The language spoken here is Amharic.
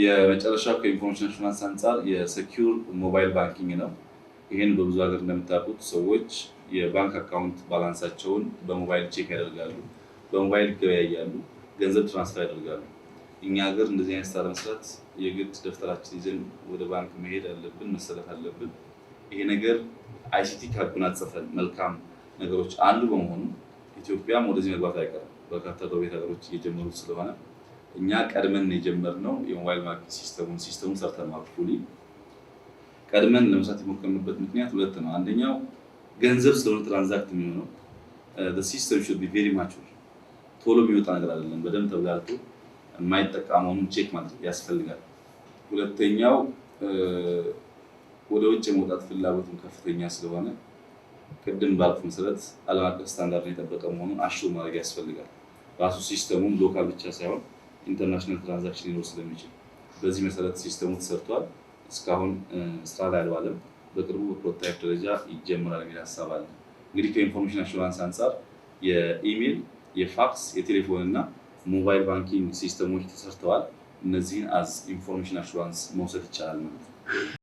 የመጨረሻው ከኢንፎርሜሽን ሽፋንስ አንጻር የሰኪውር ሞባይል ባንኪንግ ነው። ይህን በብዙ ሀገር እንደምታውቁት ሰዎች የባንክ አካውንት ባላንሳቸውን በሞባይል ቼክ ያደርጋሉ፣ በሞባይል ገበያያሉ፣ ገንዘብ ትራንስፈር ያደርጋሉ። እኛ ሀገር እንደዚህ አይነት ስራ ለመስራት የግድ ደብተራችን ይዘን ወደ ባንክ መሄድ አለብን፣ መሰለፍ አለብን። ይሄ ነገር አይሲቲ ካጎናጸፈን መልካም ነገሮች አንዱ በመሆኑ ኢትዮጵያም ወደዚህ መግባት አይቀርም። በርካታ ጎረቤት ሀገሮች እየጀመሩት ስለሆነ እኛ ቀድመን የጀመርነው የሞባይል ባንክ ሲስተሙን ሲስተሙን ሰርተነዋል። ፉሊ ቀድመን ለመስራት የሞከርንበት ምክንያት ሁለት ነው። አንደኛው ገንዘብ ስለሆነ ትራንዛክት የሚሆነው ሲስተም ሹድ ቢ ቬሪ ማቹር፣ ቶሎ የሚወጣ ነገር አይደለም። በደንብ ተብላልቶ የማይጠቃ መሆኑን ቼክ ማድረግ ያስፈልጋል። ሁለተኛው ወደ ውጭ የመውጣት ፍላጎትም ከፍተኛ ስለሆነ ቅድም ባልኩ መሰረት ዓለም አቀፍ ስታንዳርድ የጠበቀ መሆኑን አሹ ማድረግ ያስፈልጋል። ራሱ ሲስተሙም ሎካል ብቻ ሳይሆን ኢንተርናሽናል ትራንዛክሽን ሊኖር ስለሚችል በዚህ መሰረት ሲስተሙ ተሰርቷል። እስካሁን ስራ ላይ አልዋለም። በቅርቡ በፕሮታይፕ ደረጃ ይጀምራል የሚል ሀሳብ አለ። እንግዲህ ከኢንፎርሜሽን አሹራንስ አንጻር የኢሜል፣ የፋክስ፣ የቴሌፎን እና ሞባይል ባንኪንግ ሲስተሞች ተሰርተዋል። እነዚህን አዝ ኢንፎርሜሽን አሹራንስ መውሰድ ይቻላል ማለት ነው።